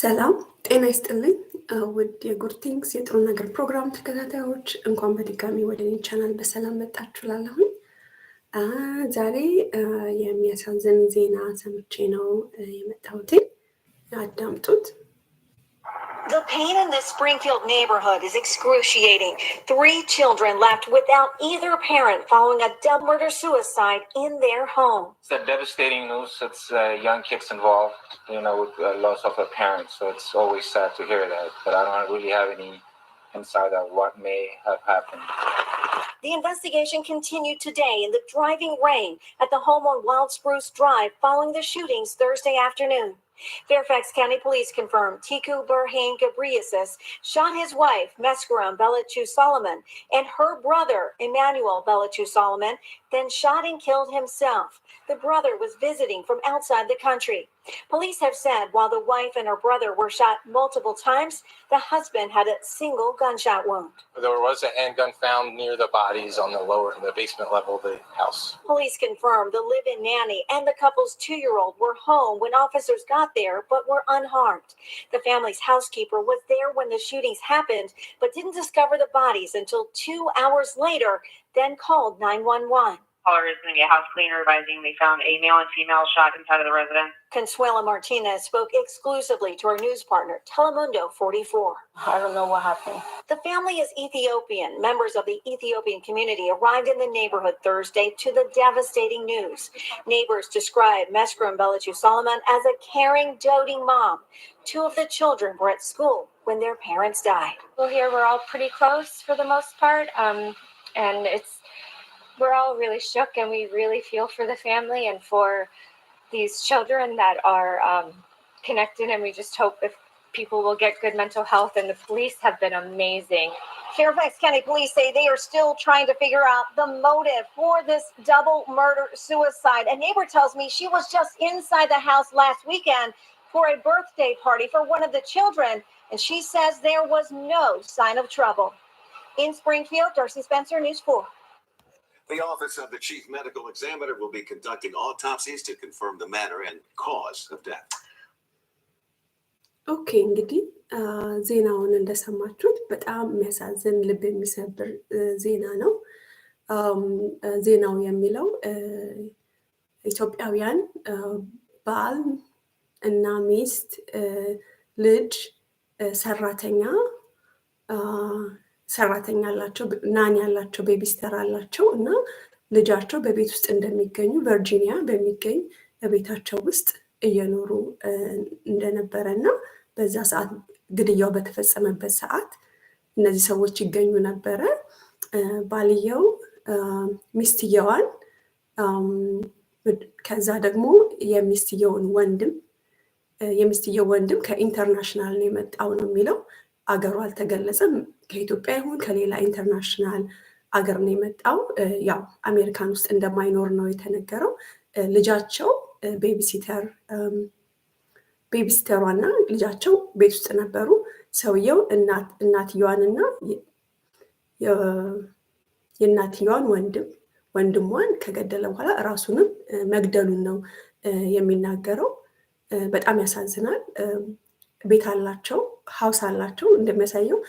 ሰላም ጤና ይስጥልኝ። ውድ የጉድ ቲንግስ የጥሩ ነገር ፕሮግራም ተከታታዮች እንኳን በድጋሚ ወደ እኔ ቻናል በሰላም መጣችሁ። ዛሬ የሚያሳዝን ዜና ሰምቼ ነው የመጣሁትኝ። አዳምጡት። The pain in this Springfield neighborhood is excruciating. Three children left without either parent following a double murder suicide in their home. It's a devastating news. It's uh, young kids involved, you know, with the loss of a parent. So it's always sad to hear that. But I don't really have any insight of what may have happened. The investigation continued today in the driving rain at the home on Wild Spruce Drive following the shootings Thursday afternoon. Fairfax County Police confirmed Tiku Burhan Gabriasis shot his wife, Mescaram Belichu Solomon, and her brother, Emmanuel Belichu Solomon, then shot and killed himself. The brother was visiting from outside the country. Police have said while the wife and her brother were shot multiple times, the husband had a single gunshot wound. There was a handgun found near the bodies on the lower, the basement level of the house. Police confirmed the live in nanny and the couple's two year old were home when officers got there but were unharmed. The family's housekeeper was there when the shootings happened but didn't discover the bodies until two hours later, then called 911 be a House Cleaner advising they found a male and female shot inside of the residence. Consuela Martinez spoke exclusively to our news partner, Telemundo 44. I don't know what happened. The family is Ethiopian. Members of the Ethiopian community arrived in the neighborhood Thursday to the devastating news. Neighbors describe Meskram Belichu Solomon as a caring, doting mom. Two of the children were at school when their parents died. Well, here we're all pretty close for the most part, um, and it's we're all really shook and we really feel for the family and for these children that are um, connected. And we just hope if people will get good mental health. And the police have been amazing. Fairfax County Police say they are still trying to figure out the motive for this double murder suicide. A neighbor tells me she was just inside the house last weekend for a birthday party for one of the children, and she says there was no sign of trouble. In Springfield, Darcy Spencer, News 4. The Office of the Chief Medical Examiner will be conducting autopsies to confirm the manner and cause of death. ኦኬ እንግዲህ ዜናውን እንደሰማችሁት በጣም የሚያሳዝን ልብ የሚሰብር ዜና ነው። ዜናው የሚለው ኢትዮጵያውያን ባል እና ሚስት፣ ልጅ፣ ሰራተኛ ሰራተኛ አላቸው፣ ናኒ ያላቸው፣ ቤቢስተር አላቸው እና ልጃቸው በቤት ውስጥ እንደሚገኙ ቨርጂኒያ በሚገኝ በቤታቸው ውስጥ እየኖሩ እንደነበረ እና በዛ ሰዓት ግድያው በተፈጸመበት ሰዓት እነዚህ ሰዎች ይገኙ ነበረ። ባልየው ሚስትየዋን ከዛ ደግሞ የሚስትየውን ወንድም የሚስትየው ወንድም ከኢንተርናሽናል ነው የመጣው ነው የሚለው አገሩ አልተገለጸም። ከኢትዮጵያ ይሁን ከሌላ ኢንተርናሽናል አገር ነው የመጣው። ያው አሜሪካን ውስጥ እንደማይኖር ነው የተነገረው። ልጃቸው ቤቢሲተር ቤቢሲተሯና ልጃቸው ቤት ውስጥ ነበሩ። ሰውየው እናትየዋንና የእናትየዋን ወንድም ወንድሟን ከገደለ በኋላ ራሱንም መግደሉን ነው የሚናገረው። በጣም ያሳዝናል። ቤት አላቸው ሀውስ አላቸው እንደሚያሳየው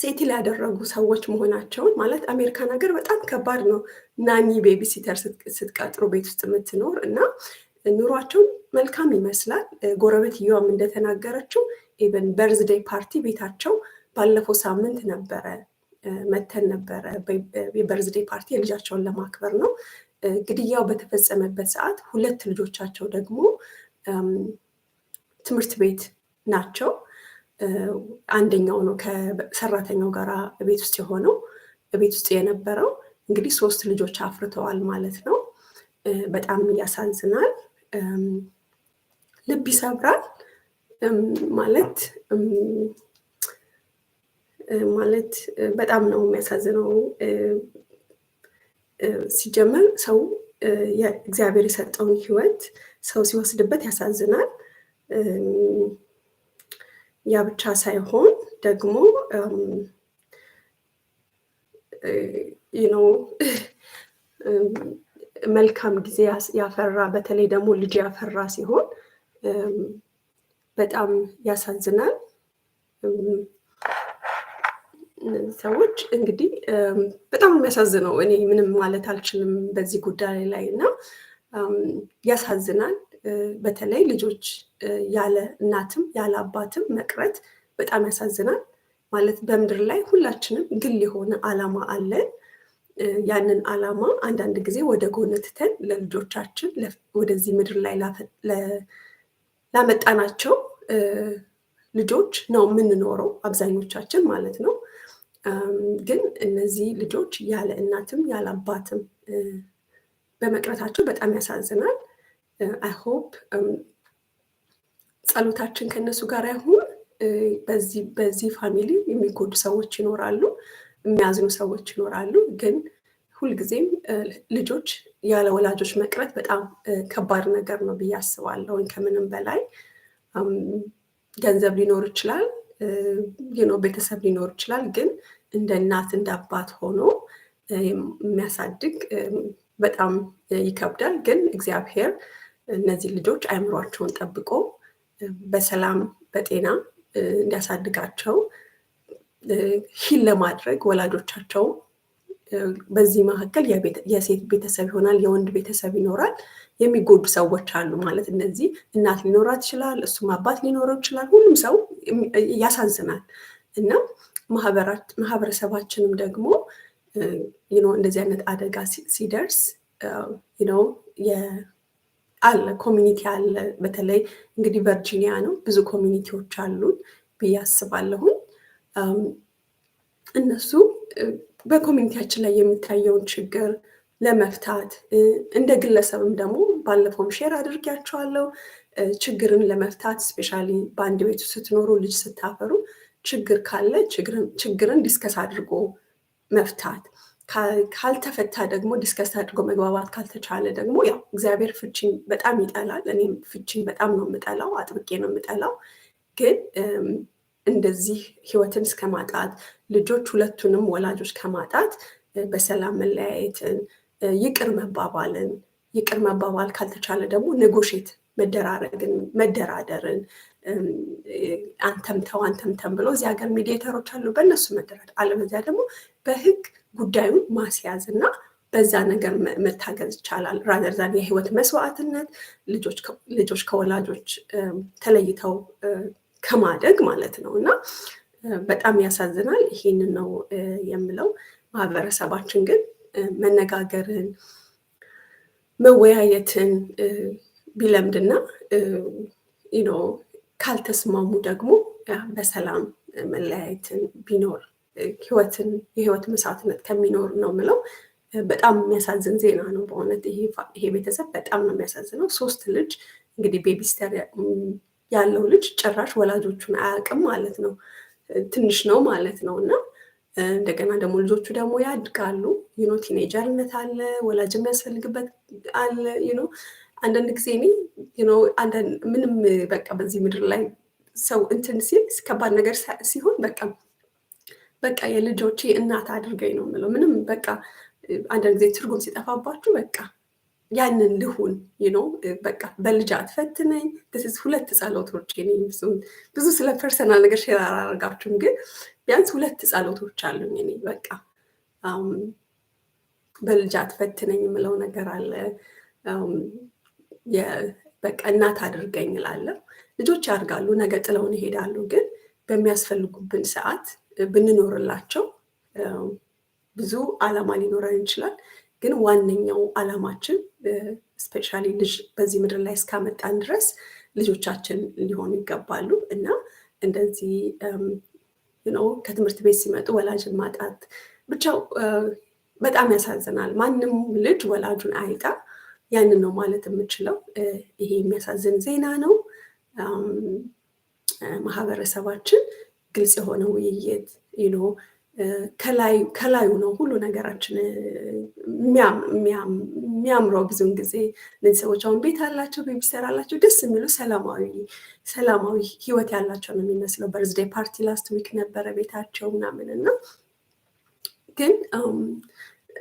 ሴትል ያደረጉ ሰዎች መሆናቸውን ማለት አሜሪካን ሀገር በጣም ከባድ ነው። ናኒ ቤቢሲተር ስትቀጥሩ ቤት ውስጥ የምትኖር እና ኑሯቸውን መልካም ይመስላል። ጎረቤትየዋም እንደተናገረችው ኢቨን በርዝደይ ፓርቲ ቤታቸው ባለፈው ሳምንት ነበረ መተን ነበረ። የበርዝዴይ ፓርቲ የልጃቸውን ለማክበር ነው። ግድያው በተፈጸመበት ሰዓት ሁለት ልጆቻቸው ደግሞ ትምህርት ቤት ናቸው። አንደኛው ነው ከሰራተኛው ጋር ቤት ውስጥ የሆነው ቤት ውስጥ የነበረው እንግዲህ ሶስት ልጆች አፍርተዋል ማለት ነው። በጣም ያሳዝናል፣ ልብ ይሰብራል። ማለት ማለት በጣም ነው የሚያሳዝነው። ሲጀመር ሰው እግዚአብሔር የሰጠውን ሕይወት ሰው ሲወስድበት ያሳዝናል። ያ ብቻ ሳይሆን ደግሞ ነው መልካም ጊዜ ያፈራ በተለይ ደግሞ ልጅ ያፈራ ሲሆን በጣም ያሳዝናል። ሰዎች እንግዲህ በጣም የሚያሳዝነው እኔ ምንም ማለት አልችልም በዚህ ጉዳይ ላይ እና ያሳዝናል። በተለይ ልጆች ያለ እናትም ያለ አባትም መቅረት በጣም ያሳዝናል። ማለት በምድር ላይ ሁላችንም ግል የሆነ ዓላማ አለን። ያንን ዓላማ አንዳንድ ጊዜ ወደ ጎን ትተን ለልጆቻችን ወደዚህ ምድር ላይ ላመጣናቸው ልጆች ነው የምንኖረው አብዛኞቻችን ማለት ነው። ግን እነዚህ ልጆች ያለ እናትም ያለ አባትም በመቅረታቸው በጣም ያሳዝናል። አይ uh, ሆፕ um, ጸሎታችን ከእነሱ ጋር ይሁን። uh, በዚህ ፋሚሊ የሚጎዱ ሰዎች ይኖራሉ፣ የሚያዝኑ ሰዎች ይኖራሉ። ግን ሁልጊዜም uh, ልጆች ያለ ወላጆች መቅረት በጣም ከባድ ነገር ነው ብዬ አስባለሁ። ከምንም በላይ um, ገንዘብ ሊኖር ይችላል፣ ቤተሰብ ሊኖር ይችላል። ግን እንደ እናት እንደ አባት ሆኖ የሚያሳድግ um, በጣም ይከብዳል። ግን እግዚአብሔር እነዚህ ልጆች አይምሯቸውን ጠብቆ በሰላም በጤና እንዲያሳድጋቸው ሂል ለማድረግ ወላጆቻቸው በዚህ መካከል የሴት ቤተሰብ ይሆናል፣ የወንድ ቤተሰብ ይኖራል። የሚጎዱ ሰዎች አሉ ማለት እነዚህ እናት ሊኖራት ይችላል፣ እሱም አባት ሊኖረው ይችላል። ሁሉም ሰው ያሳዝናል እና ማህበረሰባችንም ደግሞ እንደዚህ አይነት አደጋ ሲደርስ አለ ኮሚኒቲ አለ። በተለይ እንግዲህ ቨርጂኒያ ነው ብዙ ኮሚኒቲዎች አሉን ብዬ እነሱ በኮሚኒቲያችን ላይ የሚታየውን ችግር ለመፍታት እንደ ግለሰብም ደግሞ ባለፈውም ሼር አድርጊያቸዋለሁ ችግርን ለመፍታት ስፔሻሊ በአንድ ቤቱ ስትኖሩ ልጅ ስታፈሩ ችግር ካለ ችግርን ዲስከስ አድርጎ መፍታት ካልተፈታ ደግሞ ዲስከስ አድርጎ መግባባት ካልተቻለ ደግሞ ያው እግዚአብሔር ፍቺን በጣም ይጠላል። እኔም ፍቺን በጣም ነው የምጠላው፣ አጥብቄ ነው የምጠላው። ግን እንደዚህ ህይወትን እስከ ማጣት ልጆች ሁለቱንም ወላጆች ከማጣት በሰላም መለያየትን፣ ይቅር መባባልን ይቅር መባባል ካልተቻለ ደግሞ ኔጎሼት መደራረግን መደራደርን አንተምተው አንተምተም ብሎ እዚህ ሀገር ሚዲዬተሮች አሉ፣ በእነሱ መደራደር አለበዚያ ደግሞ በህግ ጉዳዩን ማስያዝ እና በዛ ነገር መታገዝ ይቻላል። ራዘርዛን የህይወት መስዋዕትነት ልጆች ከወላጆች ተለይተው ከማደግ ማለት ነው እና በጣም ያሳዝናል። ይሄንን ነው የምለው። ማህበረሰባችን ግን መነጋገርን መወያየትን ቢለምድና ካልተስማሙ ደግሞ በሰላም መለያየትን ቢኖር ህይወትን የህይወት መስዋዕትነት ከሚኖር ነው ምለው። በጣም የሚያሳዝን ዜና ነው በእውነት ይሄ ቤተሰብ በጣም ነው የሚያሳዝነው። ሶስት ልጅ እንግዲህ ቤቢስተር ያለው ልጅ ጭራሽ ወላጆቹን አያውቅም ማለት ነው። ትንሽ ነው ማለት ነው እና እንደገና ደግሞ ልጆቹ ደግሞ ያድጋሉ። ይኖ ቲኔጀርነት አለ፣ ወላጅ የሚያስፈልግበት አለ። ይኖ አንዳንድ ጊዜ እኔ ምንም በቃ በዚህ ምድር ላይ ሰው እንትን ሲል ከባድ ነገር ሲሆን በቃ በቃ የልጆቼ እናት አድርገኝ ነው የምለው። ምንም በቃ አንዳንድ ጊዜ ትርጉም ሲጠፋባችሁ በቃ ያንን ልሁን ነው በቃ በልጅ አትፈትነኝ። ስ ሁለት ጸሎቶች ብዙ ስለ ፐርሰናል ነገር ሼር አላደርጋችሁም፣ ግን ቢያንስ ሁለት ጸሎቶች አሉኝ እኔ በቃ በልጅ አትፈትነኝ የምለው ነገር አለ። በቃ እናት አድርገኝ እላለሁ። ልጆች ያድጋሉ፣ ነገ ጥለውን ይሄዳሉ። ግን በሚያስፈልጉብን ሰዓት ብንኖርላቸው ብዙ አላማ ሊኖረን ይችላል። ግን ዋነኛው አላማችን ስፔሻሊ ልጅ በዚህ ምድር ላይ እስካመጣን ድረስ ልጆቻችን ሊሆኑ ይገባሉ እና እንደዚህ ከትምህርት ቤት ሲመጡ ወላጅን ማጣት ብቻው በጣም ያሳዝናል። ማንም ልጅ ወላጁን አይጣ። ያንን ነው ማለት የምችለው። ይሄ የሚያሳዝን ዜና ነው። ማህበረሰባችን ግልጽ የሆነ ውይይት ከላዩ ነው ሁሉ ነገራችን የሚያምረው። ብዙውን ጊዜ እነዚህ ሰዎች አሁን ቤት አላቸው ቤቢ ሰራላቸው ደስ የሚሉ ሰላማዊ ሰላማዊ ህይወት ያላቸው ነው የሚመስለው። በርዝዴ ፓርቲ ላስት ዊክ ነበረ ቤታቸው ምናምን እና ግን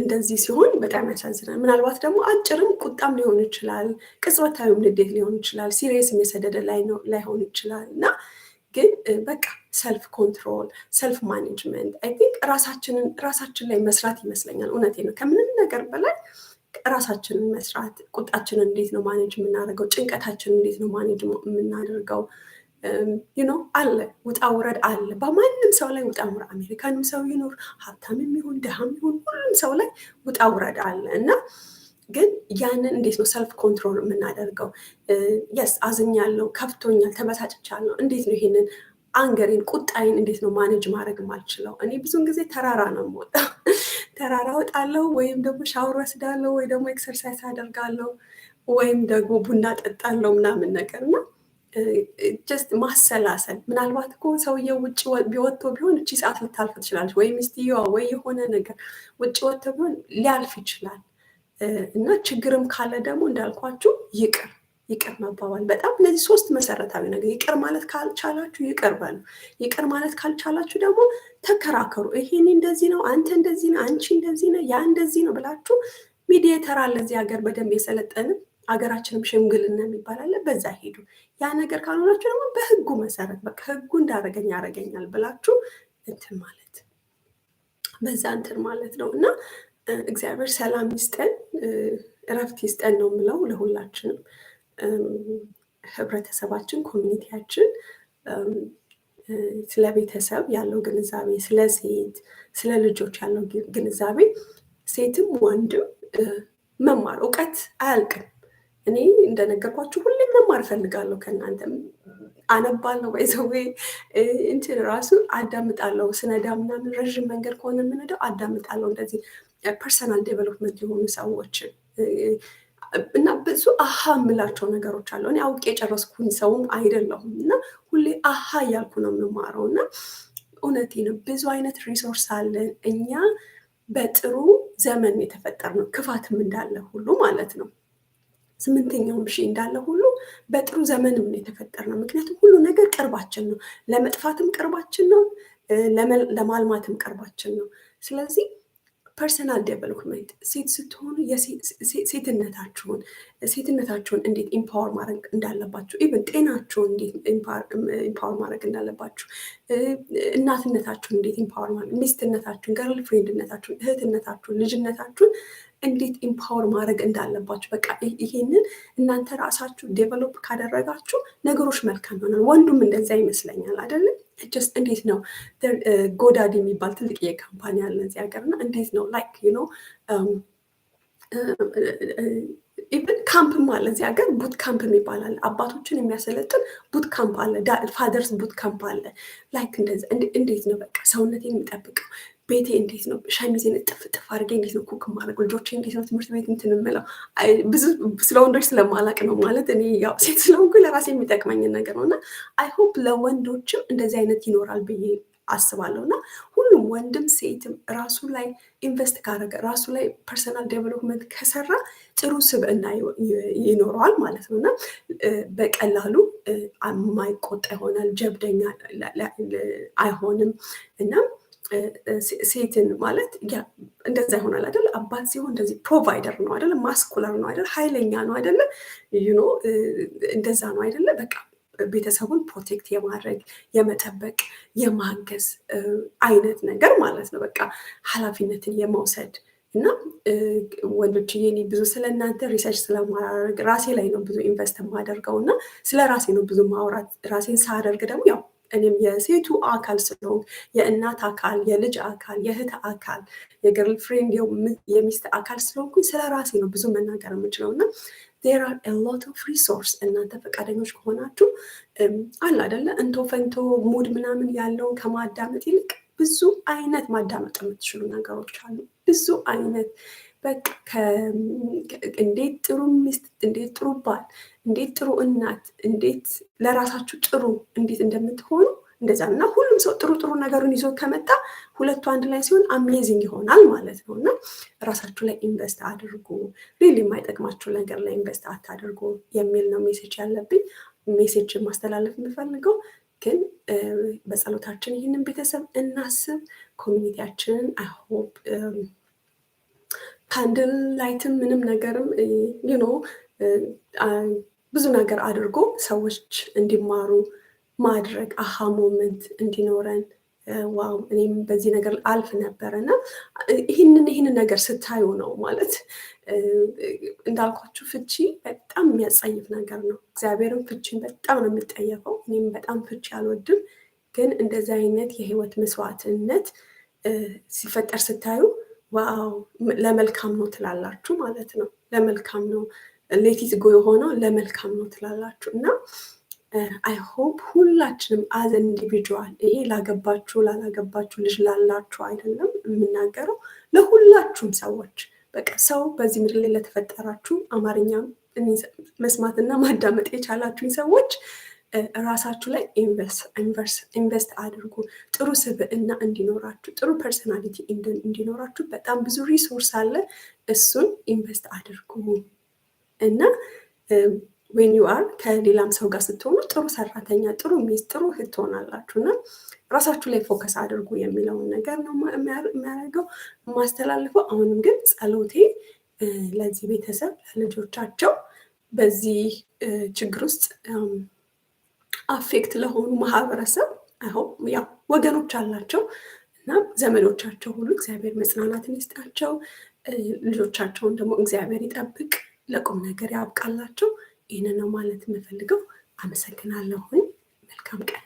እንደዚህ ሲሆን በጣም ያሳዝናል። ምናልባት ደግሞ አጭርም ቁጣም ሊሆን ይችላል፣ ቅጽበታዊም ንዴት ሊሆን ይችላል፣ ሲሪየስም የሰደደ ላይሆን ይችላል እና ግን በቃ ሰልፍ ኮንትሮል ሰልፍ ማኔጅመንት አይ ቲንክ ራሳችንን ራሳችን ላይ መስራት ይመስለኛል። እውነቴ ነው። ከምንም ነገር በላይ ራሳችንን መስራት፣ ቁጣችንን እንዴት ነው ማኔጅ የምናደርገው? ጭንቀታችንን እንዴት ነው ማኔጅ የምናደርገው? ዩኖ አለ ውጣ ውረድ አለ በማንም ሰው ላይ ውጣ ውረድ፣ አሜሪካንም ሰው ይኖር ሀብታም የሚሆን ድሃም ይሆን ሁሉም ሰው ላይ ውጣ ውረድ አለ እና ግን ያንን እንዴት ነው ሰልፍ ኮንትሮል የምናደርገው? የስ አዝኛለሁ፣ ከፍቶኛል፣ ተበሳጭቻለሁ። እንዴት ነው ይሄንን አንገሬን ቁጣይን እንዴት ነው ማኔጅ ማድረግ ማልችለው? እኔ ብዙን ጊዜ ተራራ ነው የምወጣው። ተራራ ወጣለው ወይም ደግሞ ሻወር ወስዳለው ወይ ደግሞ ኤክሰርሳይዝ አደርጋለሁ፣ ወይም ደግሞ ቡና ጠጣለሁ ምናምን ነገር እና ጀስት ማሰላሰል። ምናልባት እኮ ሰውየው ውጭ ቢወጥቶ ቢሆን እቺ ሰዓት ልታልፍ ትችላለች፣ ወይ ሚስትየዋ ወይ የሆነ ነገር ውጭ ወጥቶ ቢሆን ሊያልፍ ይችላል። እና ችግርም ካለ ደግሞ እንዳልኳችሁ ይቅር ይቅር መባባል በጣም እነዚህ ሶስት መሰረታዊ ነገር ይቅር ማለት ካልቻላችሁ ይቅር በሉ። ይቅር ማለት ካልቻላችሁ ደግሞ ተከራከሩ። ይሄን እንደዚህ ነው፣ አንተ እንደዚህ ነው፣ አንቺ እንደዚህ ነው፣ ያ እንደዚህ ነው ብላችሁ ሚዲየተር አለ እዚህ ሀገር በደንብ የሰለጠንም አገራችንም ሽምግልና የሚባል አለ። በዛ ሄዱ። ያ ነገር ካልሆናችሁ ደግሞ በህጉ መሰረት በቃ ህጉ እንዳረገኝ ያረገኛል ብላችሁ እንትን ማለት በዛ እንትን ማለት ነው እና እግዚአብሔር ሰላም ይስጠን፣ እረፍት ይስጠን ነው የምለው ለሁላችንም ህብረተሰባችን፣ ኮሚኒቲያችን ስለ ቤተሰብ ያለው ግንዛቤ፣ ስለ ሴት፣ ስለ ልጆች ያለው ግንዛቤ ሴትም ወንድም መማር እውቀት አያልቅም። እኔ እንደነገርኳችሁ ሁሌ መማር እፈልጋለሁ ከእናንተ አነባለሁ። ባይዘዌ እንትን ራሱ አዳምጣለሁ ስነዳ ምናምን ረዥም መንገድ ከሆነ የምንሄደው አዳምጣለሁ እንደዚህ ፐርሰናል ዴቨሎፕመንት የሆኑ ሰዎችን እና ብዙ አሃ የምላቸው ነገሮች አለው። እኔ አውቄ የጨረስኩኝ ሰውም አይደለሁም እና ሁሌ አሃ እያልኩ ነው የምማረው እና እውነቴ ነው። ብዙ አይነት ሪሶርስ አለን እኛ በጥሩ ዘመን ነው። ክፋትም እንዳለ ሁሉ ማለት ነው። ስምንተኛውም ሺህ እንዳለ ሁሉ በጥሩ ዘመንም ነው ምክንያቱም ሁሉ ነገር ቅርባችን ነው፣ ለመጥፋትም ቅርባችን ነው፣ ለማልማትም ቅርባችን ነው። ስለዚህ ፐርሰናል ዴቨሎፕመንት ሴት ስትሆኑ ሴትነታችሁን ሴትነታችሁን እንዴት ኢምፓወር ማድረግ እንዳለባችሁ ኢቨን ጤናችሁን እንዴት ኢምፓወር ማድረግ እንዳለባችሁ እናትነታችሁን እንዴት ኢምፓወር ማድረግ ሚስትነታችሁን ገርል ፍሬንድነታችሁን እህትነታችሁን ልጅነታችሁን እንዴት ኢምፓወር ማድረግ እንዳለባችሁ በቃ ይሄንን እናንተ ራሳችሁ ዴቨሎፕ ካደረጋችሁ ነገሮች መልካም ይሆናል። ወንዱም እንደዚያ ይመስለኛል አይደለም። ጀስት እንዴት ነው ጎዳድ uh, የሚባል ትልቅ የካምፓኒ አለ እዚህ ሀገርና እንዴት ነው ላይክ ዩ ኖ ኢቨን ካምፕም አለ እዚህ ሀገር ቡት ካምፕ የሚባል አለ። አባቶችን የሚያሰለጥን ቡት ካምፕ አለ። ፋደርስ ቡት ካምፕ አለ። ላይክ እንደዚ እንዴት ነው በቃ ሰውነት የሚጠብቀው ቤቴ እንዴት ነው ሸሚዜን እጥፍ እጥፍ አድርጌ እንዴት ነው ኩክ ማድረግ ልጆቼ እንዴት ነው ትምህርት ቤት እንትን ብዙ ስለ ወንዶች ስለማላቅ ነው ማለት እኔ ያው ሴት ስለሆንኩ ለራሴ የሚጠቅመኝን ነገር ነው እና አይሆፕ ለወንዶችም እንደዚህ አይነት ይኖራል ብዬ አስባለሁ እና ሁሉም ወንድም ሴትም ራሱ ላይ ኢንቨስት ካደረገ ራሱ ላይ ፐርሰናል ዴቨሎፕመንት ከሰራ ጥሩ ስብዕና ይኖረዋል ማለት ነው እና በቀላሉ የማይቆጣ ይሆናል፣ ጀብደኛ አይሆንም እና ሴትን ማለት እንደዛ ይሆናል አይደል? አባት ሲሆን እንደዚህ ፕሮቫይደር ነው አይደለ? ማስኩለር ነው አይደለ? ኃይለኛ ነው አይደለ? ዩኖ እንደዛ ነው አይደለ? በቃ ቤተሰቡን ፕሮቴክት የማድረግ የመጠበቅ የማገዝ አይነት ነገር ማለት ነው። በቃ ኃላፊነትን የመውሰድ እና ወንዶች የኔ ብዙ ስለ እናንተ ሪሰርች ስለማደርግ ራሴ ላይ ነው ብዙ ኢንቨስት የማደርገው እና ስለ ራሴ ነው ብዙ ማውራት ራሴን ሳደርግ ደግሞ ያው እኔም የሴቱ አካል ስለሆንኩ የእናት አካል፣ የልጅ አካል፣ የእህት አካል፣ የገርል ፍሬንድ የሚስት አካል ስለሆንኩኝ ስለ ራሴ ነው ብዙ መናገር የምችለው እና ዜር አር ሎት ኦፍ ሪሶርስ እናንተ ፈቃደኞች ከሆናችሁ አለ አይደለ እንቶ ፈንቶ ሙድ ምናምን ያለውን ከማዳመጥ ይልቅ ብዙ አይነት ማዳመጥ የምትችሉ ነገሮች አሉ። ብዙ አይነት በቃ እንዴት ጥሩ ሚስት፣ እንዴት ጥሩ ባል እንዴት ጥሩ እናት እንዴት ለራሳችሁ ጥሩ እንዴት እንደምትሆኑ እንደዛ እና ሁሉም ሰው ጥሩ ጥሩ ነገሩን ይዞ ከመጣ ሁለቱ አንድ ላይ ሲሆን አሜዚንግ ይሆናል ማለት ነው። እና ራሳችሁ ላይ ኢንቨስት አድርጉ፣ ሪል የማይጠቅማችሁ ነገር ላይ ኢንቨስት አታድርጉ የሚል ነው ሜሴጅ ያለብኝ ሜሴጅ ማስተላለፍ የምፈልገው ግን በጸሎታችን ይህንን ቤተሰብ እናስብ። ኮሚኒቲያችንን አይሆፕ ካንድል ላይትም ምንም ነገርም ዩኖ ብዙ ነገር አድርጎ ሰዎች እንዲማሩ ማድረግ አሃ ሞመንት እንዲኖረን ዋው እኔም በዚህ ነገር አልፍ ነበረ እና ይህንን ይህንን ነገር ስታዩ ነው ማለት እንዳልኳችሁ ፍቺ በጣም የሚያጸይፍ ነገር ነው። እግዚአብሔርም ፍቺን በጣም ነው የሚጠየፈው። እኔም በጣም ፍቺ አልወድም፣ ግን እንደዚህ አይነት የህይወት መስዋዕትነት ሲፈጠር ስታዩ ዋው ለመልካም ነው ትላላችሁ ማለት ነው። ለመልካም ነው ሌቲዝ ጎ የሆነው ለመልካም ነው ትላላችሁ እና አይ ሆፕ ሁላችንም አዘ ኢንዲቪጁዋል ይሄ ላገባችሁ ላላገባችሁ ልጅ ላላችሁ አይደለም የምናገረው፣ ለሁላችሁም ሰዎች በቃ ሰው በዚህ ምድር ላይ ለተፈጠራችሁ አማርኛ መስማትና ማዳመጥ የቻላችሁኝ ሰዎች ራሳችሁ ላይ ኢንቨስት አድርጉ። ጥሩ ስብዕና እንዲኖራችሁ፣ ጥሩ ፐርሶናሊቲ እንዲኖራችሁ በጣም ብዙ ሪሶርስ አለ። እሱን ኢንቨስት አድርጉ። እና ዌን ዩ አር ከሌላም ሰው ጋር ስትሆኑ ጥሩ ሰራተኛ፣ ጥሩ ሚስት፣ ጥሩ እህት ትሆናላችሁ እና ራሳችሁ ላይ ፎከስ አድርጉ የሚለውን ነገር ነው የሚያደርገው የማስተላልፈው። አሁንም ግን ጸሎቴ ለዚህ ቤተሰብ ለልጆቻቸው በዚህ ችግር ውስጥ አፌክት ለሆኑ ማህበረሰብ ያው ወገኖች አላቸው እና ዘመዶቻቸው ሁሉ እግዚአብሔር መጽናናትን ይስጣቸው። ልጆቻቸውን ደግሞ እግዚአብሔር ይጠብቅ። ለቁም ነገር ያብቃላችሁ። ይህን ነው ማለት የምፈልገው። አመሰግናለሁኝ። መልካም ቀን